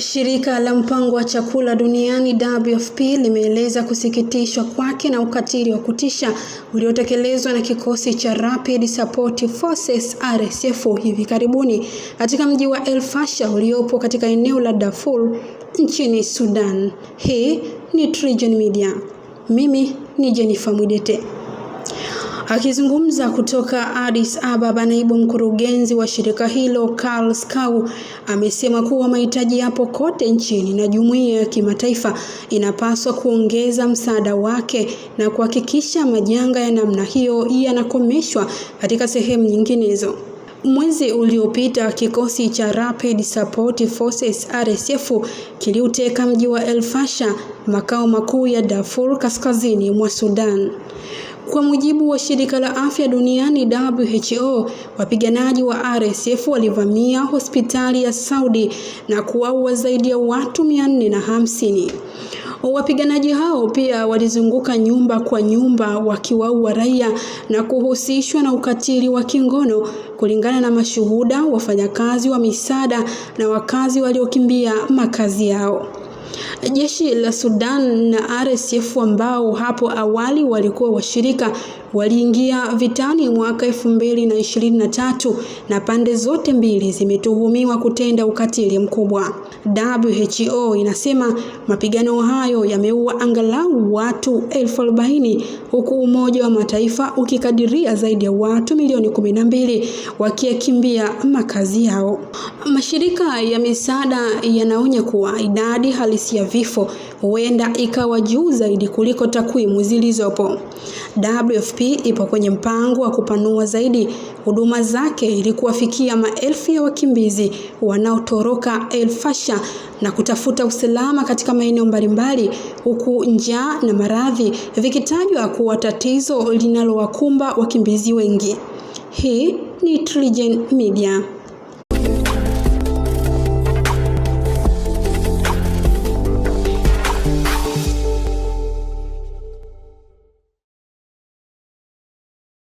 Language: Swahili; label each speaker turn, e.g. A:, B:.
A: Shirika la mpango wa chakula duniani WFP limeeleza kusikitishwa kwake na ukatili wa kutisha uliotekelezwa na kikosi cha Rapid Support Forces RSF hivi karibuni katika mji wa El Fasher uliopo katika eneo la Darfur nchini Sudan. Hii ni TriGen Media. Mimi ni Jennifer Mwidete. Akizungumza kutoka Addis Ababa, naibu mkurugenzi wa shirika hilo Karl Skau amesema kuwa mahitaji yapo kote nchini na jumuiya ya kimataifa inapaswa kuongeza msaada wake na kuhakikisha majanga ya namna hiyo yanakomeshwa katika sehemu nyinginezo. Mwezi uliopita kikosi cha Rapid Support Forces RSF kiliuteka mji wa El makao makuu ya Darfur kaskazini mwa Sudan. Kwa mujibu wa shirika la afya duniani WHO, wapiganaji wa RSF walivamia hospitali ya Saudi na kuwaua zaidi ya watu 450. Wapiganaji hao pia walizunguka nyumba kwa nyumba wakiwaua raia na kuhusishwa na ukatili wa kingono, kulingana na mashuhuda, wafanyakazi wa misaada na wakazi waliokimbia makazi yao. Jeshi la Sudan na RSF ambao hapo awali walikuwa washirika waliingia vitani mwaka elfu mbili na ishirini na tatu na pande zote mbili zimetuhumiwa kutenda ukatili mkubwa. WHO inasema mapigano hayo yameua angalau watu elfu arobaini huku Umoja wa Mataifa ukikadiria zaidi ya watu milioni kumi na mbili wakiyakimbia makazi yao. Mashirika ya misaada yanaonya kuwa idadi halisi kesi ya vifo huenda ikawa juu zaidi kuliko takwimu zilizopo. WFP ipo kwenye mpango wa kupanua zaidi huduma zake ili kuwafikia maelfu ya wakimbizi wanaotoroka El Fasha na kutafuta usalama katika maeneo mbalimbali, huku njaa na maradhi vikitajwa kuwa tatizo linalowakumba wakimbizi wengi. Hii ni TriGen Media.